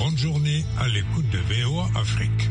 Bonne journée à l'écoute de VOA Afrique.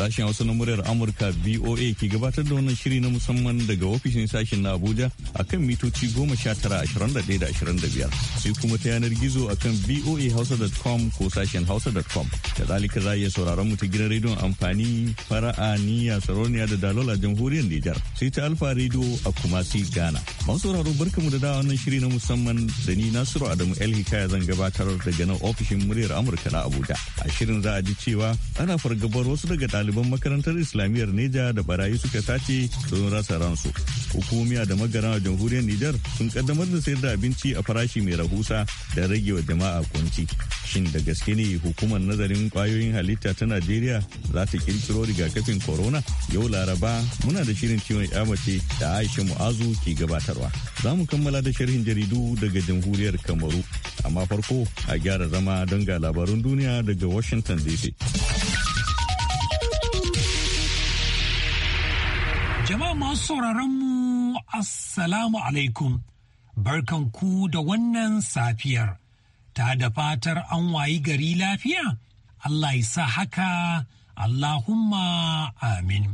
Sashen Hausa na muryar Amurka VOA ke gabatar da wannan shiri na musamman daga ofishin sashen na Abuja a kan mitoci goma sha tara ashirin da da ashirin biyar sai kuma ta yanar gizo a kan voahausa.com ko sashen hausa.com. zalika za a iya sauraron mu ta gidan rediyon amfani fara'a niyya sarauniya da dalola jamhuriyar Nijar sai ta Alfa rediyo a Kumasi Ghana. Masu sauraro barkamu da dawa wannan shiri na musamman da ni Nasiru Adamu El Hikaya zan gabatar daga nan ofishin muryar Amurka na Abuja. A shirin za a ji cewa ana fargabar wasu daga ɗalibai ɗaliban makarantar islamiyyar neja da barayi suka tace don rasa ransu hukumiya da magana jamhuriyar nijar sun kaddamar da sayar da abinci a farashi mai rahusa da rage wa jama'a kunci shin da gaske ne hukumar nazarin kwayoyin halitta ta najeriya za ta ƙirƙiro rigakafin corona yau laraba muna da shirin ciwon yamace da aisha mu'azu ke gabatarwa za mu kammala da sharhin jaridu daga jamhuriyar kamaru amma farko a gyara zama don ga labarun duniya daga washington dc Jama'a masu sauraron mu Assalamu alaikum, barkan ku da wannan safiyar, ta da fatar an wayi gari lafiya, Allah ya sa haka, Allahumma amin.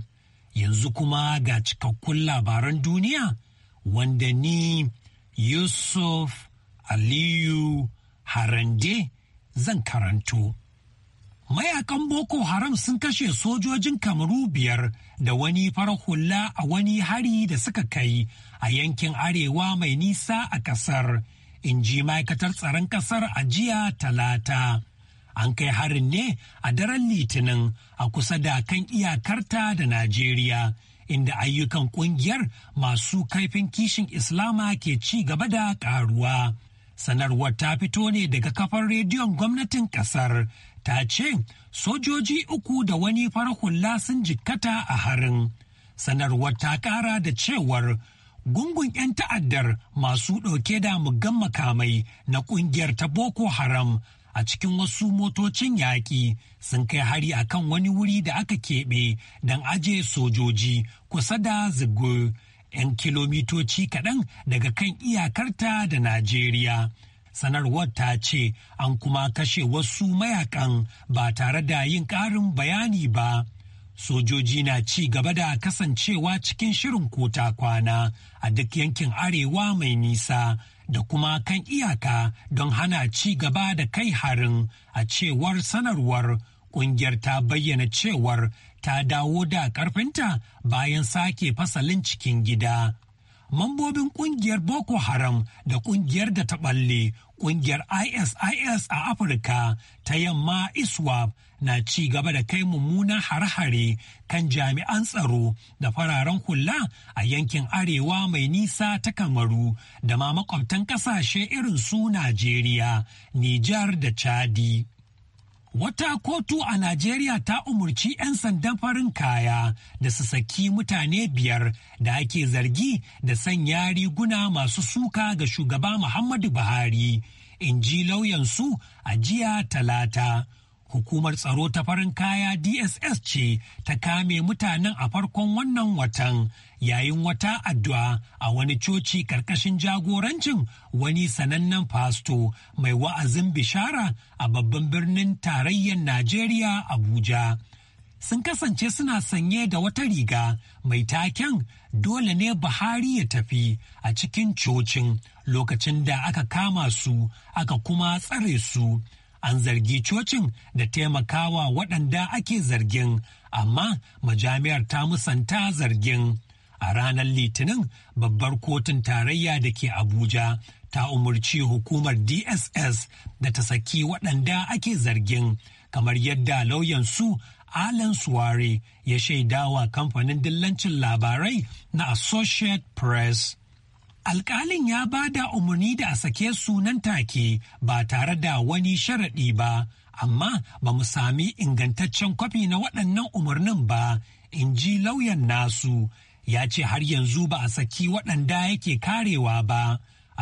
Yanzu kuma ga cikakkun labaran duniya wanda ni Yusuf Aliyu Harande zan karanto. Mayakan Boko Haram sun kashe sojojin kamaru biyar. da wani farar hula a wani hari da suka kai a yankin arewa mai nisa a kasar in ji ma'aikatar tsaron kasar a jiya talata an kai harin ne a daren litinin a kusa da kan iyakarta da najeriya inda ayyukan kungiyar masu kaifin kishin islama ke ci gaba da karuwa Sanarwar ta fito ne daga kafar rediyon gwamnatin kasar ta ce sojoji uku da wani hula sun jikkata a harin. Sanarwar ta kara da cewar gungun 'yan ta'addar masu ɗauke da mugan makamai na ƙungiyar ta Boko Haram a cikin wasu motocin yaƙi sun kai hari a kan wani wuri da aka keɓe don ajiye sojoji kusa da zigo 'yan kilomitoci kaɗan daga kan iyakarta da Najeriya. Sanarwar ta ce an kuma kashe wasu mayakan ba tare da yin ƙarin bayani ba. Sojoji na ci gaba da kasancewa cikin shirin kota kwana a duk yankin arewa mai nisa da kuma kan iyaka don hana ci gaba da kai harin a cewar sanarwar ƙungiyar ta bayyana cewar ta dawo da karfinta bayan sake fasalin cikin gida. Mambobin kungiyar Boko Haram da kungiyar da ta balle kungiyar ISIS a Afirka ta yamma ISWAP na ci gaba da kai mummunan hare-hare kan jami'an tsaro da fararen hula a yankin arewa mai nisa ta kamaru da ma makwabtan kasashe irin su Najeriya, Nijar da Chadi. Wata kotu a Najeriya ta umarci 'yan sandan farin kaya da su saki mutane biyar da ake zargi da sanya riguna masu suka ga shugaba Muhammadu Buhari, in ji lauyansu a jiya talata. Hukumar tsaro ta farin kaya DSS ce ta kame mutanen a farkon wannan watan yayin wata addu'a a wani coci karkashin jagorancin wani sanannen fasto mai wa'azin bishara a babban birnin tarayyar Najeriya Abuja. Sun kasance suna sanye da wata riga mai taken dole ne Buhari ya tafi a cikin cocin lokacin da aka kama su aka kuma tsare su. an zargi cocin da taimakawa waɗanda ake zargin amma majami'ar ta musanta zargin a ranar litinin babbar kotun tarayya da ke abuja ta umarci hukumar dss da ta saki waɗanda ake zargin kamar yadda lauyansu alan Suwari ya shaidawa kamfanin dillancin labarai na associate press alkalin ya ba da umarni da a sake sunan take ba tare da wani sharaɗi ba amma ba mu sami ingantaccen kwafi na waɗannan umarnin ba in ji lauyan nasu ya ce har yanzu ba a saki waɗanda yake karewa ba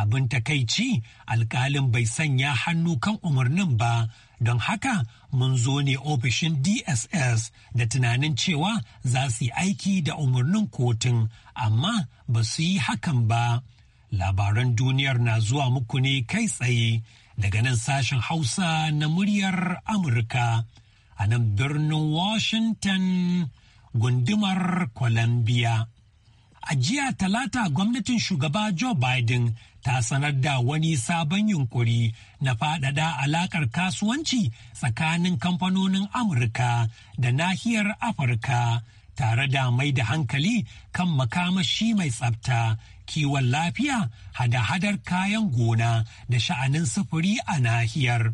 abin takaici alkalin bai sanya hannu kan umarnin ba don haka mun zo ne ofishin dss da tunanin cewa za su yi aiki da umarnin kotun amma ba su yi hakan ba labaran duniyar na zuwa muku ne kai tsaye daga nan sashen Hausa na muryar Amurka a nan birnin Washington gundumar Columbia. A jiya talata gwamnatin shugaba Joe Biden ta sanar da wani sabon yunkuri na faɗaɗa alaƙar kasuwanci tsakanin kamfanonin Amurka da nahiyar Afirka tare da mai da hankali kan makamashi mai tsafta kiwon lafiya hada-hadar kayan gona da sha'anin sufuri a nahiyar.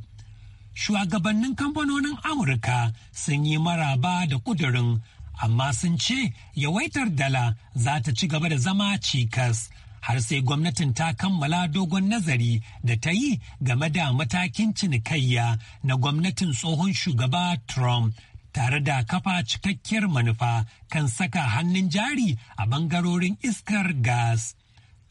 Shugabannin kamfanonin Amurka sun yi maraba da kudurin, amma sun ce yawaitar dala za ta ci gaba da zama cikas. Har sai gwamnatin ta kammala dogon nazari da ta yi game da matakin cinikayya na gwamnatin tsohon shugaba Trump tare da kafa cikakkiyar manufa kan saka hannun jari a bangarorin iskar gas.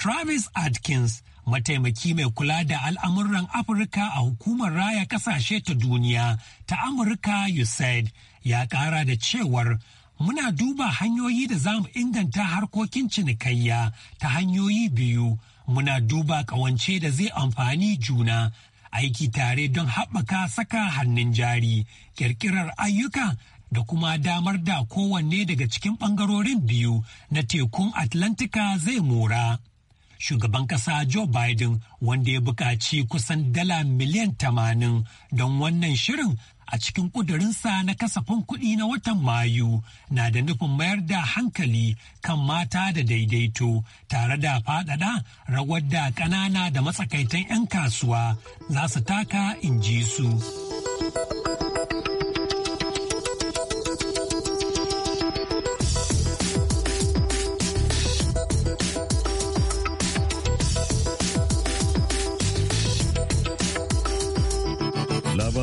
Travis Atkins, mataimaki mai kula da al'amuran Afirka a hukumar raya kasashe ta duniya ta Amurka USAID ya ƙara da cewar muna duba hanyoyi da za mu inganta harkokin cinikayya ta hanyoyi biyu muna duba ƙawance da zai amfani juna aiki tare don haɓaka saka hannun jari ƙirƙirar ayyuka da kuma damar da kowanne daga cikin ɓangarorin biyu na tekun atlantika zai mora shugaban ƙasa Joe Biden wanda ya buƙaci kusan dala miliyan tamanin don wannan shirin a cikin ƙudurinsa na kasafin kuɗi na watan Mayu na da nufin mayar da hankali kan mata da daidaito tare da faɗaɗa rawar da ƙanana da matsakaitan 'yan kasuwa za su taka in ji su.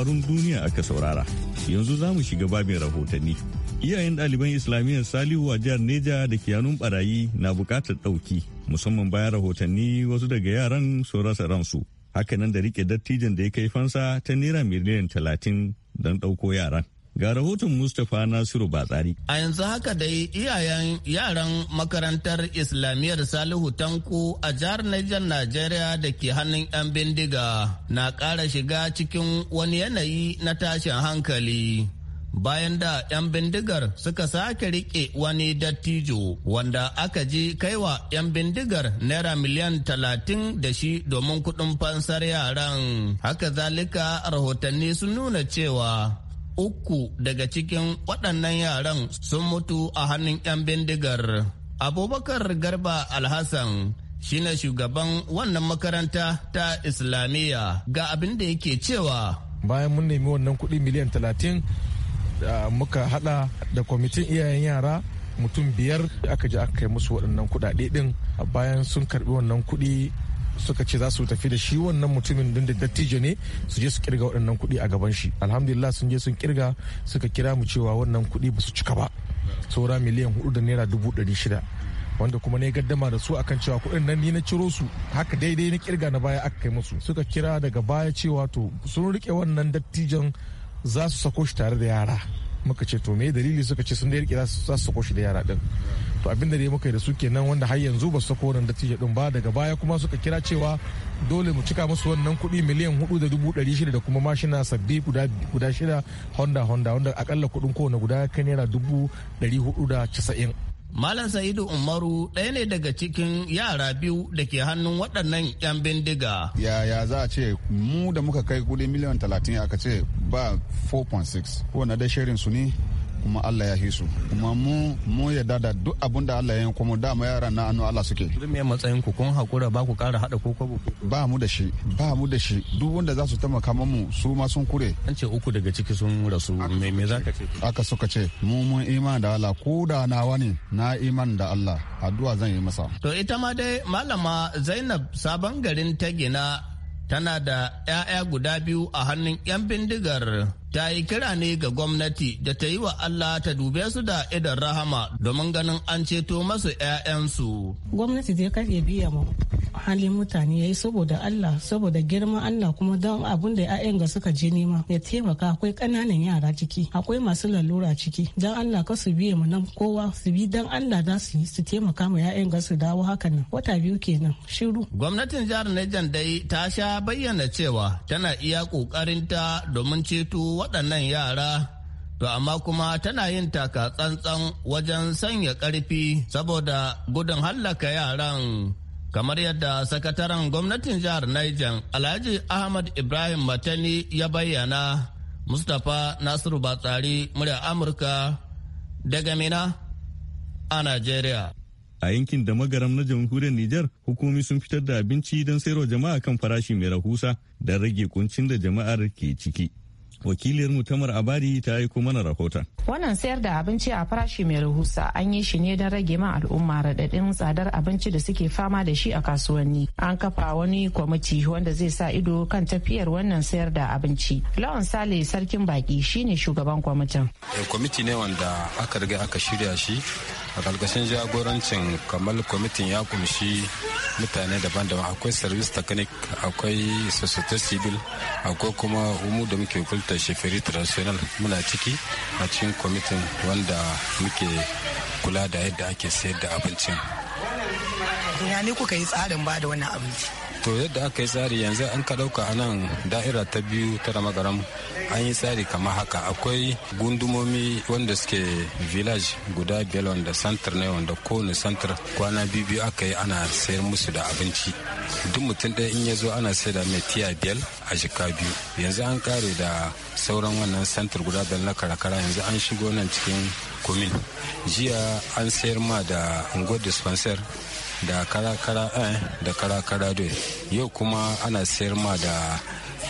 labarun duniya aka saurara. Yanzu za mu shiga babin rahotanni. Iyayen ɗaliban Islamiyyar Salihu a jihar Neja da kiyanun barayi na buƙatar ɗauki, musamman bayan rahotanni wasu daga yaran su rasa ransu. Hakanan da rike dattijan da ya kai fansa ta naira miliyan talatin don ɗauko yaran. Ga rahoton Mustapha Nasiru Batsari. A yanzu haka dai iyayen yaran makarantar Islamiyyar Salihu Tanko a jihar Niger Najeriya da ke hannun 'yan bindiga na ƙara shiga cikin wani yanayi na tashin hankali. bayan da 'yan bindigar suka sake rike wani dattijo wanda aka ji kaiwa 'yan bindigar naira miliyan talatin da shi domin kudin fansar yaran haka zalika rahotanni sun nuna cewa uku daga cikin waɗannan yaran sun mutu a hannun 'yan bindigar. Abubakar Garba Alhassan ne shugaban wannan makaranta ta Islamiyya ga abin da yake cewa. Bayan mun nemi wannan kuɗi miliyan talatin muka haɗa da kwamitin iyayen yara mutum biyar da aka je aka kai musu waɗannan kuɗaɗe ɗin bayan sun karɓi wannan kuɗi suka ce za su tafi da shi wannan mutumin din da dattijo ne su je su kirga waɗannan kuɗi a gaban shi alhamdulillah sun je sun kirga suka kira mu cewa wannan kuɗi ba su cika ba saura miliyan hudu da naira dubu ɗari shida wanda kuma ne gaddama da su akan cewa kuɗin nan ni na ciro su haka daidai na kirga na baya aka kai musu suka kira daga baya cewa to sun rike wannan dattijon za su sako shi tare da yara muka ce to me dalili suka ce sun da rike za su sako shi da yara din to abin da dai muka yi da su kenan wanda har yanzu ba su sako wannan dattijo din ba daga baya kuma suka kira cewa dole mu cika musu wannan kuɗi miliyan hudu da dubu ɗari shida da kuma mashina sabbi guda guda shida honda honda wanda akalla kuɗin kowane guda kai naira dubu ɗari hudu da casa'in. Malam Sa'idu Umaru ɗaya ne daga cikin yara biyu da ke hannun waɗannan 'yan bindiga. Ya ya za a ce mu da muka kai kudi miliyan talatin aka ce ba 4.6 ko na da shirin su ne kuma Allah ya hisu. kuma mu mu ya da duk abin da Allah ya yi kuma dama yaran na anu Allah suke duk me matsayin ku kun hakura ba ku kara hada ko kwabo ba mu da shi ba mu da shi duk wanda za su taimaka mu su ma sun kure an ce uku daga ciki sun rasu me me zaka ce aka suka ce mu mun iman da Allah ko da na wani na iman da Allah addu'a zan yi masa to ita ma dai malama Zainab sabon garin ta gina tana da 'ya'ya guda biyu a hannun 'yan bindigar ta yi kira ne ga gwamnati da ta yi wa Allah ta dube su da idan rahama domin ganin an ceto masu 'ya'yansu. Gwamnati zai karya biya mu halin mutane ya yi saboda Allah saboda girman Allah kuma don abin da 'ya'yan ga suka je nema ya taimaka akwai ƙananan yara ciki akwai masu lalura ciki don Allah ka su biya mu nan kowa su bi don Allah za su yi su taimaka ma 'ya'yan ga su dawo haka nan wata biyu kenan shiru. Gwamnatin jihar Niger dai ta sha bayyana cewa tana iya ƙoƙarinta domin ceto waɗannan yara to amma kuma tana yin taka tsantsan wajen sanya ƙarfi saboda gudun hallaka yaran kamar yadda sakataren gwamnatin jihar Niger Alhaji Ahmad Ibrahim Matani ya bayyana Mustapha Nasiru Batsari murya Amurka daga Mina a Najeriya. A yankin da magaram na jamhuriyar Nijar, hukumi sun fitar da abinci don sayarwa jama'a kan farashi mai rahusa don rage kuncin da jama'ar ke ciki. wakiliyar mutamar abari ta yi kuma na rahoton. wannan sayar da abinci a farashi mai rahusa an yi shi ne don rage ma al'umma raɗaɗin tsadar abinci da suke fama da shi a kasuwanni an kafa wani kwamiti wanda zai sa ido kan tafiyar wannan sayar da abinci lawan sale sarkin baki shine shugaban kwamitin eh, kwamiti ne wanda aka riga aka shirya shi a ƙarƙashin jagorancin kamar kwamitin ya kumshi mutane daban-daban akwai service technic akwai societe civil akwai kuma umu da muke kulta sheferi traditional muna ciki a cikin kwamitin wanda muke kula da yadda ake sayar da abincin. Ina ne kuka yi tsarin ba da wannan abinci? to yadda aka yi tsari yanzu an ka ɗauka a nan da'ira ta biyu ta ramagaram an yi tsari kamar haka akwai gundumomi wanda suke village guda biyar wanda santar ne wanda kowane santar kwana biyu aka yi ana sayar musu da abinci duk mutum ɗaya in ya zo ana sayar da mai tiya biyar a jika biyu yanzu an kare da sauran wannan santar guda biyar na karakara yanzu an shigo nan cikin kumin jiya an sayar ma da ungo dispenser da karakara eh, da karakara yau kuma ana sayar ma da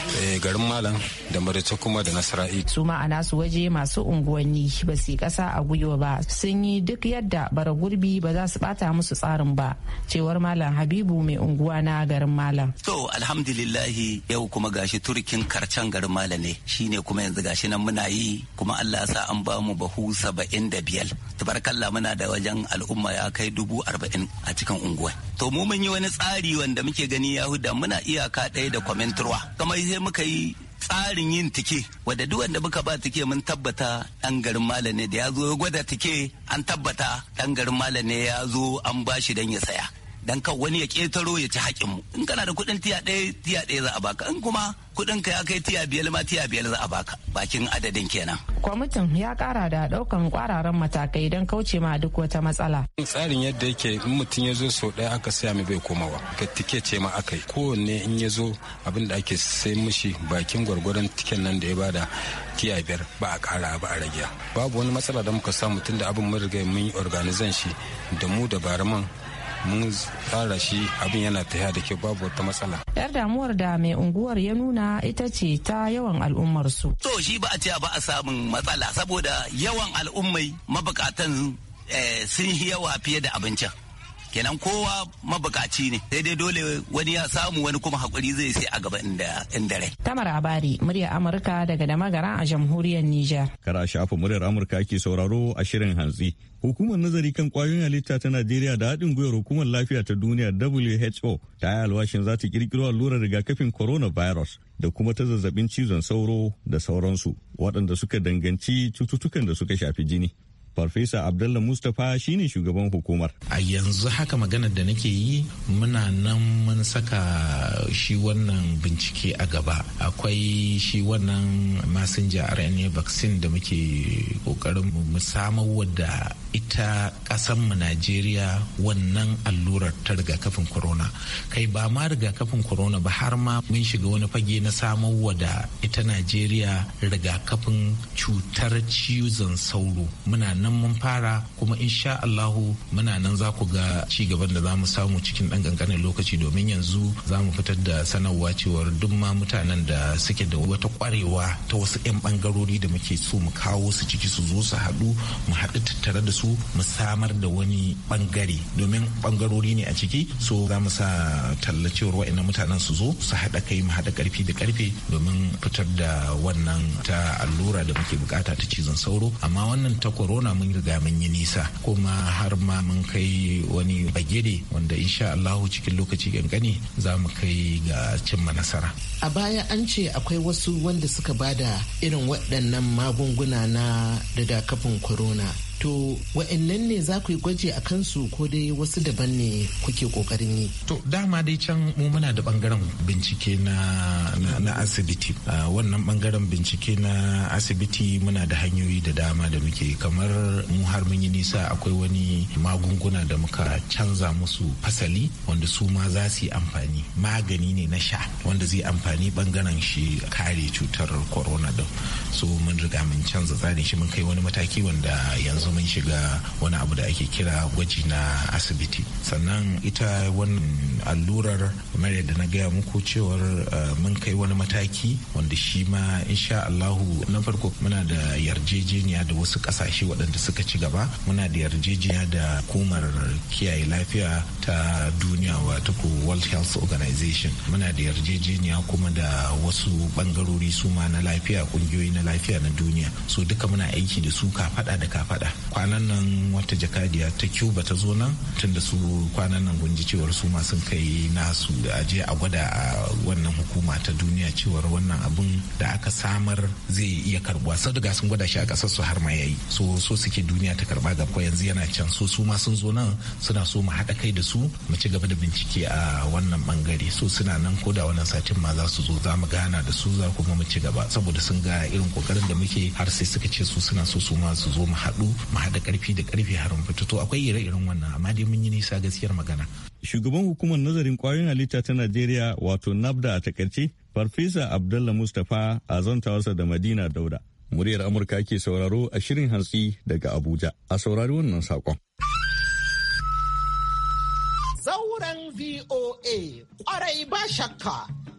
Eh, garin malam da marita kuma da nasara'i su ma'ana su waje masu unguwanni ba su kasa a gwiwa ba sun yi duk yadda bara gurbi ba za su bata musu tsarin ba cewar malam habibu mai unguwa na garin malam to alhamdulillahi yau kuma gashi turkin karcen garin malam ne shine kuma yanzu gashi nan muna yi kuma allah sa an ba mu bahu saba'in da biyar tabarkalla muna da wajen al'umma ya kai dubu arba'in a cikin unguwa to mu mun yi wani tsari wanda muke gani yahuda muna iyaka ɗaya da kwamintarwa kamar sai muka yi tsarin yin tike wadda duk wanda muka ba tike mun tabbata dan garin malam ne da ya zo ya gwada tike an tabbata dan garin malam ne ya zo an bashi shi dan ya saya dan ka wani ya ketaro ya ci haƙin mu in kana da kuɗin tiya ɗaya tiya ɗaya za a baka in kuma kuɗin ka ya kai tiya biyar ma tiya biyar za a baka bakin adadin kenan. kwamitin ya kara da ɗaukan ƙwararan matakai don kauce ma duk wata matsala. tsarin yadda yake in mutum ya zo sau ɗaya aka saya mai bai komawa ka tike ce ma aka yi kowanne in ya zo abin da ake sai mishi bakin gwargwaron tiken nan da ya bada tiya biyar ba a kara ba a rage babu wani matsala da muka samu tun da abin mun riga mun yi organizan da mu da baraman mun tsara shi abin yana tafiya da kyau babu wata matsala. Yar damuwar da mai unguwar ya nuna ita ce ta yawan al'ummar su. To shi ba a ce ba a samun matsala saboda yawan al'ummai mabukatan eh, sun yawa fiye da abincin. kenan kowa mabukaci ne sai dai dole wani ya samu wani kuma hakuri zai sai a gaba inda inda rai tamar abari muryar amurka daga damagara a jamhuriyar niger kara shafa muryar amurka ke sauraro a shirin hantsi hukumar nazari kan kwayoyin halitta ta najeriya da haɗin gwiwar hukumar lafiya ta duniya who ta yi alwashin za ta kirkiro allurar rigakafin coronavirus da kuma ta zazzabin cizon sauro da sauransu waɗanda suka danganci cututtukan da suka shafi jini Farfesa Abdullah Mustapha shine shugaban hukumar. A yanzu haka maganar da nake yi muna nan mun saka shi wannan bincike a gaba. Akwai shi wannan masinja RNA vaccine da muke kokarin mu samar wadda ita mu Najeriya wannan allurar ta rigakafin corona. Kai ba ma rigakafin corona ba har ma mun shiga wani fage na samar wadda ita Najeriya rigakafin cutar cizon sauro. Muna nan nan mun fara kuma insha Allahu muna nan za ku ga ci gaban da za mu samu cikin ɗan kankanin lokaci domin yanzu za mu fitar da sanarwa cewar duk ma mutanen da suke da wata kwarewa ta wasu 'yan bangarori da muke so mu kawo su ciki su zo su haɗu mu haɗu tattare da su mu samar da wani bangare domin bangarori ne a ciki so za mu sa talla cewar wa'annan mutanen su zo su haɗa kai mu haɗa karfi da karfe domin fitar da wannan ta allura da muke bukata ta cizon sauro amma wannan ta corona mun riga mun yi nisa kuma har ma mun kai wani bagire wanda insha Allahu cikin lokaci kankani za mu kai ga cimma nasara. A baya an ce akwai wasu wanda suka bada irin waɗannan magunguna na kafin corona to wa'annan ne za ku yi gwaji a kansu ko dai wasu daban ne kuke kokarin yi to dama dai can mu muna da bangaren bincike na na asibiti wannan bangaren bincike na asibiti muna da hanyoyi da dama da muke kamar mu har mun yi nisa akwai wani magunguna da muka canza musu fasali wanda su ma za su yi amfani magani ne na sha wanda zai amfani bangaren shi kare cutar corona din so mun riga mun canza tsarin shi mun kai wani mataki wanda yanzu zama shiga wani abu da ake kira gwaji na asibiti sannan ita wannan allurar kamar yadda na gaya muku cewar eh, mun kai wani mataki wanda shi ma insha Allahu na farko muna da yarjejeniya da wasu kasashe waɗanda suka ci gaba muna da yarjejeniya da hukumar kiyaye lafiya ta duniya wato World Health Organization muna da yarjejeniya kuma da wasu bangarori su ma na lafiya ƙungiyoyi na lafiya na duniya so duka muna aiki da su kafada da kafada kwanan nan wata jakadiya ta cuba ta zo nan tun da su kwanan nan gunji cewar su ma kai nasu da aje a gwada a wannan hukuma ta duniya cewar wannan abun da aka samar zai iya karbuwa sau riga sun gwada shi a kasar su har ma yayi so so suke duniya ta karba ga ko yanzu yana can so su ma sun zo nan suna so mu haɗa kai da su mu ci gaba da bincike a wannan bangare so suna nan ko da wannan satin ma za su zo za mu gana da su za kuma mu ci gaba saboda sun ga irin kokarin da muke har sai suka ce su suna so su ma su zo mu haɗu mu haɗa ƙarfi da ƙarfi harin fita to akwai ire-iren wannan amma dai mun yi nisa gaskiyar magana. Shugaban hukumar nazarin kwayoyin halitta ta Najeriya wato NABDA a takaice Farfesa Abdullah Mustapha a zantawarsa da Madina Dauda. Muryar Amurka ke sauraro a shirin hantsi daga Abuja. A saurari wannan saƙon. Zauren VOA, ƙwarai ba shakka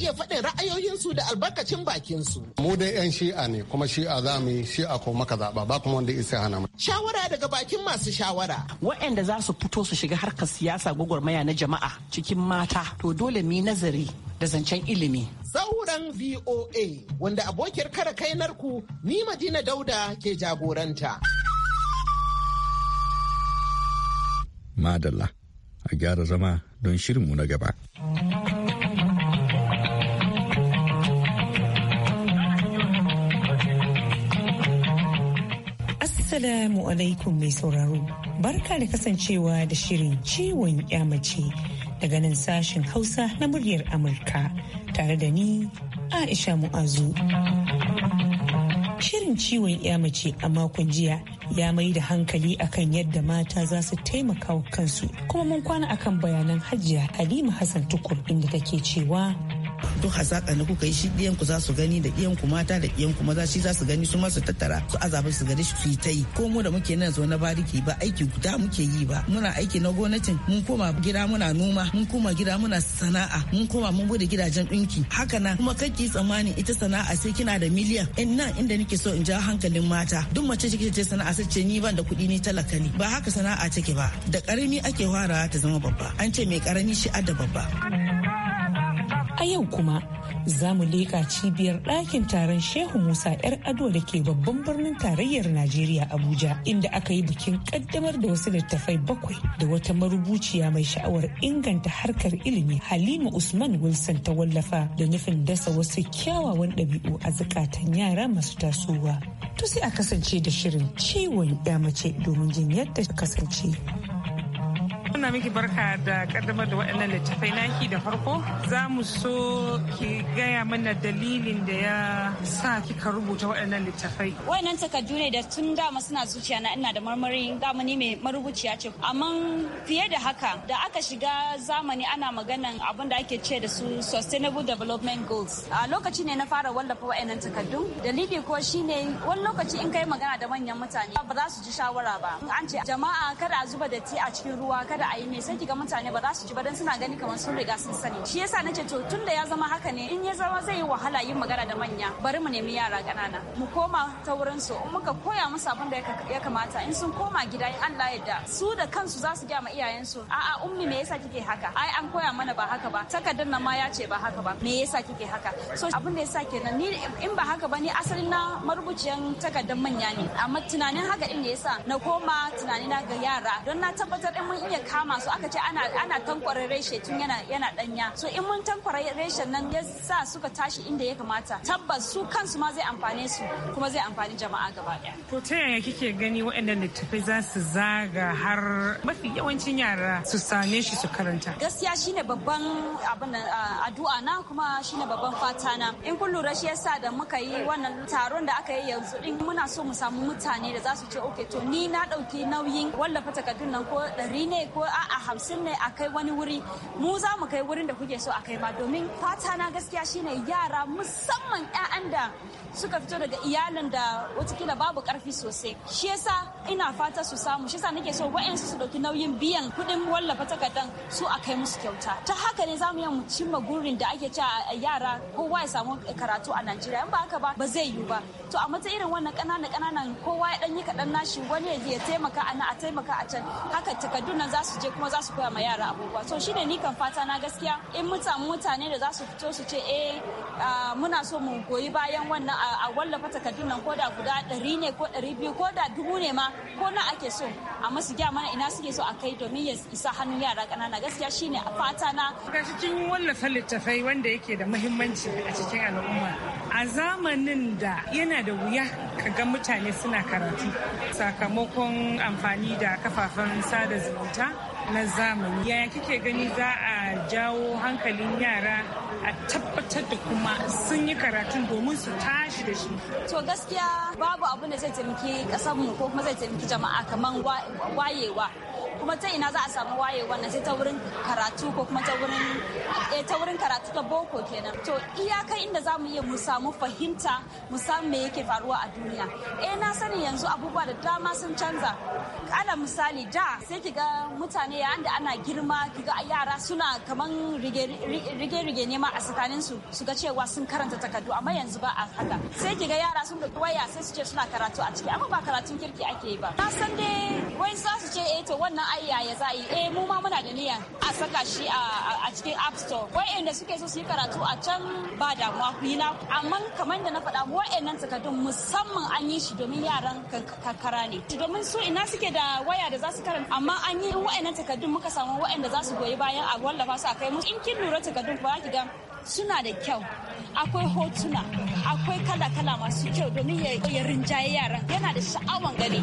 iya faɗin ra'ayoyinsu da albarkacin bakinsu. Mu dai 'yan shi'a ne kuma shi'a za mu yi shi'a ko maka zaɓa ba kuma wanda isa hana Shawara daga bakin masu shawara. Waɗanda za su fito su shiga harkar siyasa gwagwarmaya na jama'a cikin mata to dole mu yi nazari da zancen ilimi. Sauran VOA wanda abokiyar kare kai narku ni Madina Dauda ke jagoranta. Madalla a gyara zama don shirinmu na gaba. Assalamu alaikum mai sauraro. Barka da kasancewa da shirin ciwon mace daga nan sashen Hausa na muryar Amurka tare da ni Aisha Mu'azu. Shirin ciwon mace a makon jiya ya mai da hankali akan yadda mata za su taimaka wa kansu kuma mun kwana akan bayanan hajiya Halima Hassan Tukur inda take cewa duk hasaka na kuka yi shi ɗiyan ku za su gani da ɗiyan ku mata da ɗiyan ku maza shi za su gani su ma su tattara su azabar su gari su yi ta yi ko mu da muke nan zaune bariki ba aiki guda muke yi ba muna aiki na gwamnatin mun koma gida muna noma mun koma gida muna sana'a mun koma mun bude gidajen ɗinki haka na kuma kake tsammani ita sana'a sai kina da miliyan in nan inda nake so in ja hankalin mata duk mace ce ce sana'a sai ce ni ban da kuɗi ni talaka ne ba haka sana'a take ba da karami ake fara ta zama babba an ce mai karami shi adda babba. a yau kuma za mu leƙa cibiyar ɗakin taron shehu musa yar ado da ke babban birnin tarayyar najeriya abuja inda aka yi bikin ƙaddamar da wasu littafai bakwai da wata marubuciya mai sha'awar inganta harkar ilimi halima usman wilson ta wallafa da nufin dasa wasu kyawawan ɗabi'u a zukatan yara masu tasowa to sai a kasance da shirin ciwon ya mace domin jin yadda kasance muna miki barka da kaddamar da waɗannan littattafai naki da farko za mu so ki gaya mana dalilin da ya sa kika rubuta waɗannan littattafai. Wayannan takardu ne da tun dama suna zuciya na ina da marmari zamani mai marubuciya ce amma fiye da haka da aka shiga zamani ana maganan abin da ake ce da su sustainable development goals a lokaci ne na fara wallafa waɗannan takardu dalili ko shine wani lokaci in kai magana da manyan mutane ba za su ji shawara ba an ce jama'a kada a zuba datti a cikin ruwa kada a yi me sai kiga mutane ba za su ji ba dan suna gani kamar sun riga sun sani shi yasa nace to tun da ya zama haka ne in ya zama zai yi wahala yin magana da manya bari mu nemi yara ganana mu koma ta wurin su in muka koya musu abin da ya kamata in sun koma gida in Allah yarda su da kansu za su gaya ma iyayensu a'a ummi me yasa kike haka ai an koya mana ba haka ba takardar nan ma ya ce ba haka ba me yasa kike haka so abin da yasa kenan ni in ba haka ba ni asalin na marubuciyan takardar manya ne amma tunanin haka din ne yasa na koma tunani na ga yara don na tabbatar in mun iya kama su aka ce ana ana tankware reshe tun yana yana danya so in mun tankwara reshen nan ya sa suka tashi inda ya kamata tabbas su kansu ma zai amfane su kuma zai amfani jama'a gaba daya to ta yaya kike gani waɗannan littattafai za su zaga har mafi yawancin yara su same shi su karanta gaskiya shine babban abin addu'a na kuma shine babban fata na in kun lura shi yasa da muka yi wannan taron da aka yi yanzu din muna so mu samu mutane da za su ce okay to ni na ɗauki nauyin wallafa takardun nan ko ɗari ne ko a'a hamsin ne a kai wani wuri mu za mu kai wurin da kuke so a kai ma domin fata na gaskiya shine yara musamman 'ya'yan da suka fito daga iyalin da watakila babu karfi sosai shi yasa ina fata su samu shi yasa nake so wa'ansu su dauki nauyin biyan kuɗin wallafa takardan su a kai musu kyauta ta haka ne zamu yi mu cimma gurin da ake cewa yara kowa ya samu karatu a Najeriya in ba haka ba ba zai yiwu ba to a mata irin wannan ƙanana ƙananan kowa ya dan yi kaɗan nashi wani ya je taimaka a a taimaka a can haka takardun nan za su je kuma za su koya ma yara abubuwa so shine ni kan fata na gaskiya in mutane mutane da za su fito su ce eh muna so mu goyi bayan wannan a wallafa takardun nan ko da guda ɗari ne ko ɗari biyu ko da dubu ne ma ko na ake so amma masu gya mana ina suke so a kai domin ya isa hannun yara ƙanana gaskiya shine a fata na. Ga cikin wallafa littafai wanda yake da muhimmanci a cikin al'umma a zamanin da yana da wuya ka ga mutane suna karatu sakamakon amfani da kafafen sada zumunta na zamani yaya kike gani za a jawo hankalin yara a tabbatar da kuma sun yi karatun domin su tashi da shi to gaskiya babu abin da zai taimaki kasarmu ko kuma zai taimaki jama'a kamar wayewa kuma ta ina za a samu waye wannan sai ta wurin karatu ko kuma ta wurin eh, ta wurin karatu ta boko kenan to iyaka inda za mu iya mu samu fahimta mu samu me yake faruwa a duniya eh na sani yanzu abubuwa da dama sun canza Kala misali da sai kiga mutane yayin da ana girma kiga yara suna kaman rige-rige nema a tsakanin su su ga cewa sun karanta takardu amma yanzu ba a haka sai kiga yara sun dauki waya sai su ce suna karatu a ciki amma ba karatun kirki ake yi ba na san dai wai za su ce eh to wannan ai yaya za a yi eh mu ma muna da niyya a saka shi a cikin app store wa'anda suke so su yi karatu a can ba damuwa ku yi na amma kamar da na faɗa wa'annan takardun musamman an yi shi domin yaran karkara ne domin su ina suke da waya da za su karanta amma an yi wa'annan takardun muka samu wa'anda za su goyi bayan a wallafa su a kai musu in kin lura takardun ba ki ga suna da kyau akwai hotuna akwai kala-kala masu kyau domin ya rinjaye yaran yana da sha'awan gani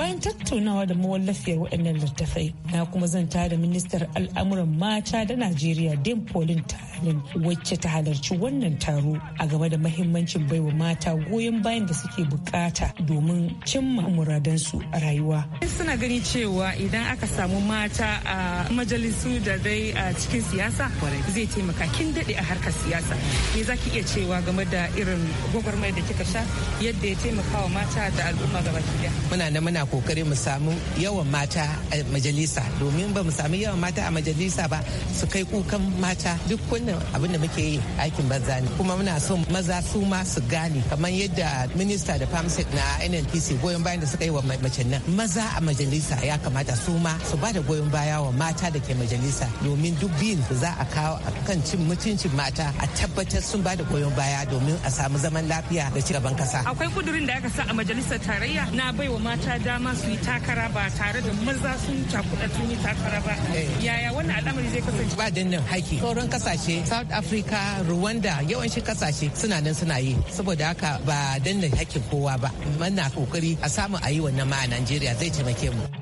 bayan tattaunawa da mawallafiyar waɗannan littafai na kuma zan da ministar al'amuran mata da najeriya din polin talin wacce ta halarci wannan taro a game da mahimmancin baiwa mata goyon bayan da suke bukata domin cimma muradansu a rayuwa suna gani cewa idan aka samu mata a majalisu da dai a cikin siyasa zai taimaka kin daɗe a harkar siyasa me zaki iya cewa game da irin gwagwarmayar da kika sha yadda ya taimakawa mata da al'umma gaba ɗaya kokari mu samu yawan mata a majalisa domin ba mu samu yawan mata a majalisa ba su kai kukan mata duk wannan abin da muke yi aikin banza ne kuma muna so maza su ma su gane kamar yadda minista da famsec na nnpc goyon bayan da suka yi wa mace nan maza a majalisa ya kamata su ma su ba da goyon baya wa mata da ke majalisa domin duk biyun za a kawo a kan cin mutuncin mata a tabbatar sun ba da goyon baya domin a samu zaman lafiya da ci gaban kasa akwai kudurin da aka sa a majalisar tarayya na baiwa mata dama dama su yi takara ba tare da maza sun cakuɗa sun yi takara ba eh. yaya wannan al'amari zai kasance ba nan haƙƙi sauran kasashe south africa rwanda yawancin kasashe suna nan suna yi saboda haka ba nan haƙƙin kowa ba muna kokari a samu a yi wannan ma a najeriya zai taimake mu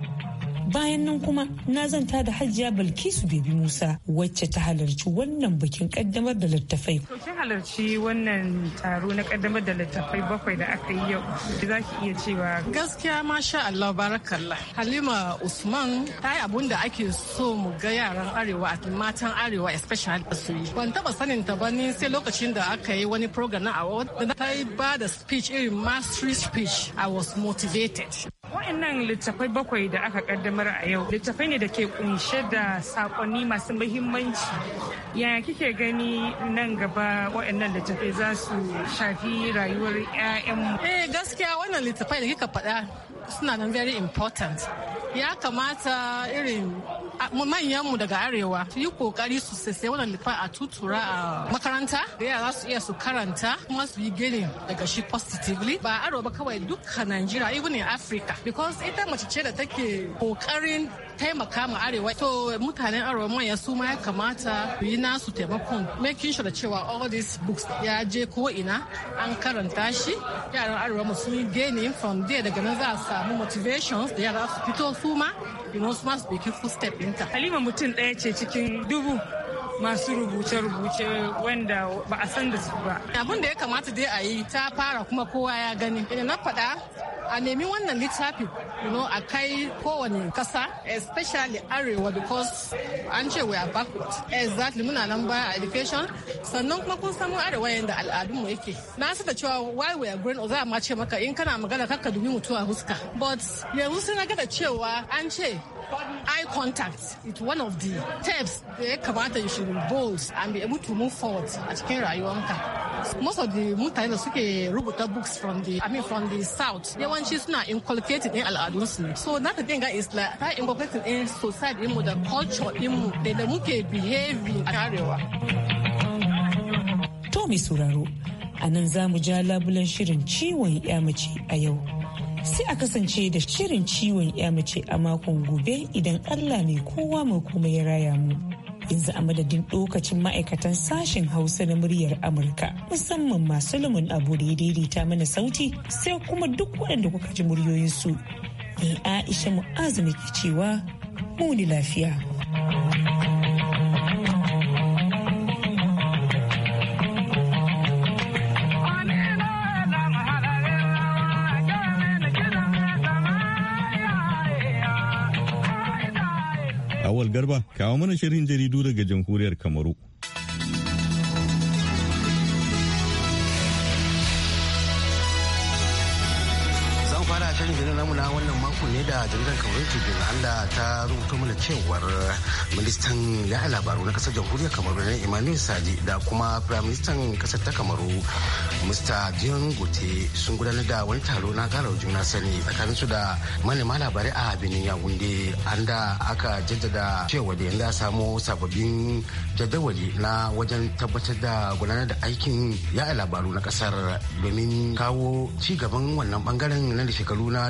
bayan nan kuma na zanta da hajiya bilkisu bebi musa wacce ta halarci wannan bikin kaddamar da littafai kin halarci wannan taro na kaddamar da littafai bakwai da aka yi yau za ki iya cewa gaskiya masha Allah barakallah halima usman ta yi abun da ake so mu ga yaran arewa a matan arewa especially su yi ban taba sanin ta ba ni sai lokacin da aka yi wani program na award da ta yi ba da speech irin mastery speech i was motivated Wa'in nan littafai bakwai da aka kaddamar a yau littafai ne da ke kunshe da sakonni masu muhimmanci. Yaya kike gani nan gaba wa'in nan littafai za su shafi rayuwar 'ya'yanmu? Eh gaskiya wannan littafai da kika faɗa suna nan very important ya kamata irin manyanmu daga arewa su yi kokari su sai wannan littafin a tutura a makaranta da yara su iya su karanta kuma su yi daga shi positively ba arewa ba kawai duka najeriya even in africa because ita mace ce da take kokarin taimaka ma arewa to mutanen arewa manya su ma ya kamata yi nasu taimakon making sure da cewa all these books ya je ko ina an karanta shi yaran arewa mu sun gane from there daga nan za a samu motivations da yara su fito su ma you know su ma su step. ɗinta halima mutum ɗaya ce cikin dubu masu rubuce-rubuce wanda ba a san da su ba. Abin da ya kamata dai a yi ta fara kuma kowa ya gani. Ina na faɗa a nemi wannan littafi a kai kowane kasa especially arewa because an ce we are backward. Exactly muna nan baya a education sannan kuma kun samu arewa yadda al'adunmu yake. Na su da cewa why we are growing za a ma ce maka in kana magana kakka dubi mutuwa huska. But yanzu sun ga da cewa an ce eye contact is one of the steps da ya kamata you should bold and be able to move forward a cikin rayuwanka. Most of the mutane da suke rubuta books from the I mean from the south yawanci suna inculcated in al'adunsu. So na ta dinga is like ta inculcated in society mu da culture mu da da muke behaving a arewa. To sauraro, a nan za mu ja labulen shirin ciwon ya mace a yau. sai a kasance da shirin ciwon ya mace a makon gobe idan Allah mai kowa mai kuma ya raya mu. yanzu a madadin lokacin ma'aikatan sashen hausa na muryar amurka musamman masu lumin abu da ya daidaita mana sauti sai kuma duk waɗanda kuka ji muryoyinsu ni aisha mu'azu ke cewa muni lafiya Garba, kawo mana shirin jaridu daga jamhuriyar Kamaru. uku ne da jaridar kamar tribune allah ta rubuta mana cewar ministan ya labaru na kasar jamhuriyar kamaru na imanin sadi da kuma prime ministan kasar ta kamaru mr john gote sun gudanar da wani taro na kara juna sani tsakanin su da manema labarai a benin yawunde an da aka jaddada cewa da yanzu a samo sababbin jadawali na wajen tabbatar da gudanar da aikin ya labaru na kasar domin kawo ci gaban wannan bangaren na da shekaru na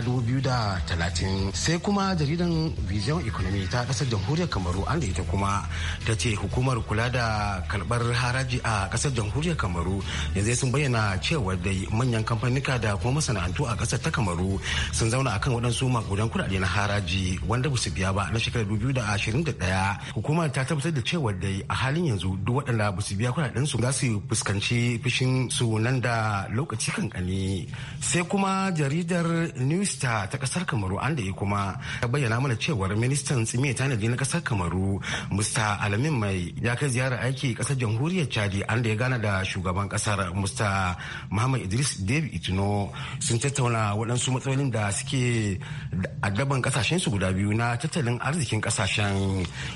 da. talatin sai kuma jaridan vision economy ta kasar jamhuriyar kamaru an da ita kuma ta ce hukumar kula da kalbar haraji a kasar jamhuriyar kamaru yanzu sun bayyana cewa dai manyan kamfanika da kuma masana'antu a kasar ta kamaru sun zauna akan waɗansu makudan kuɗaɗe na haraji wanda basu biya ba na shekarar ɗaya hukumar ta tabbatar da cewa da a halin yanzu duk waɗanda su biya kuɗaɗen su za su fuskanci fushin su nan da lokaci kankani sai kuma jaridar new star ta kasar kamaru kamaru an da ya kuma ta bayyana mana cewar ministan tsimiyar tanadi na kasar kamaru musta alamin mai ya kai ziyarar aiki kasar jamhuriyar chadi an da ya gana da shugaban kasar musta muhammad idris david itino sun tattauna waɗansu matsalolin da suke addaban kasashen su guda biyu na tattalin arzikin kasashen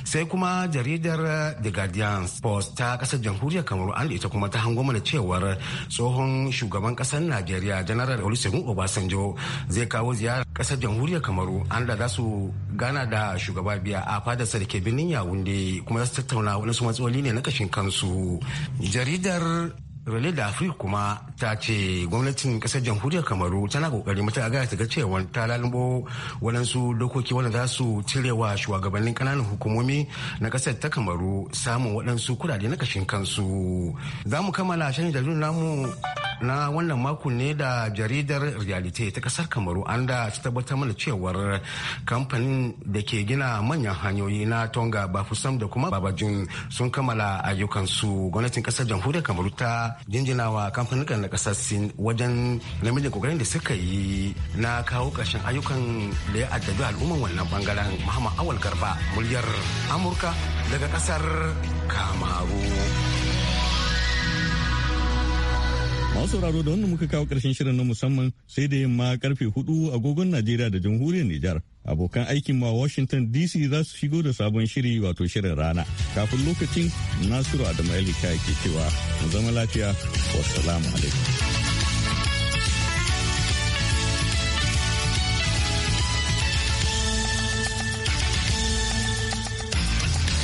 sai kuma jaridar the guardian post ta kasar jamhuriyar kamaru an da ita kuma ta hango mana cewar tsohon shugaban kasar najeriya janaral olusegun obasanjo zai kawo ziyarar kasar jamhuriyar jamhuriyar kamaru an da za su gana da shugaba biya a fadar sarki da ke birnin yahunde kuma za su tattauna waɗansu matsaloli ne na kashin kansu jaridar Rale da afirka kuma ta ce gwamnatin kasar jamhuriyar Kamaru tana kokari mata gaya ta ga cewa ta lalubo waɗansu dokoki wanda za su cirewa shugabannin kananan hukumomi na kasar ta Kamaru samun waɗansu kudade na kashin kansu. Za mu kammala shan jaridar namu na wannan makon ne da jaridar realite ta kasar kamaru an da ta tabbatar mana cewar kamfanin da ke gina manyan hanyoyi na tonga ba bafusam da kuma babajin sun kammala ayyukansu gwamnatin kasar jamhuriyar kamaru ta jinjinawa kamfanin na kasar sin wajen namijin kokarin da suka yi na kawo ƙarshen ayyukan da ya addabi al'umman wannan bangaren muhammad awal garba muryar amurka daga kasar kamaru. Masu sauraro da wannan muka kawo ƙarshen shirin na musamman sai da yamma karfe hudu agogon Najeriya da jamhuriyar Nijar. Abokan aikin ma Washington DC za su shigo da sabon shiri wato shirin rana. Kafin lokacin Nasiru Adamu Ali ke cewa zama lafiya wassalamu alaikum.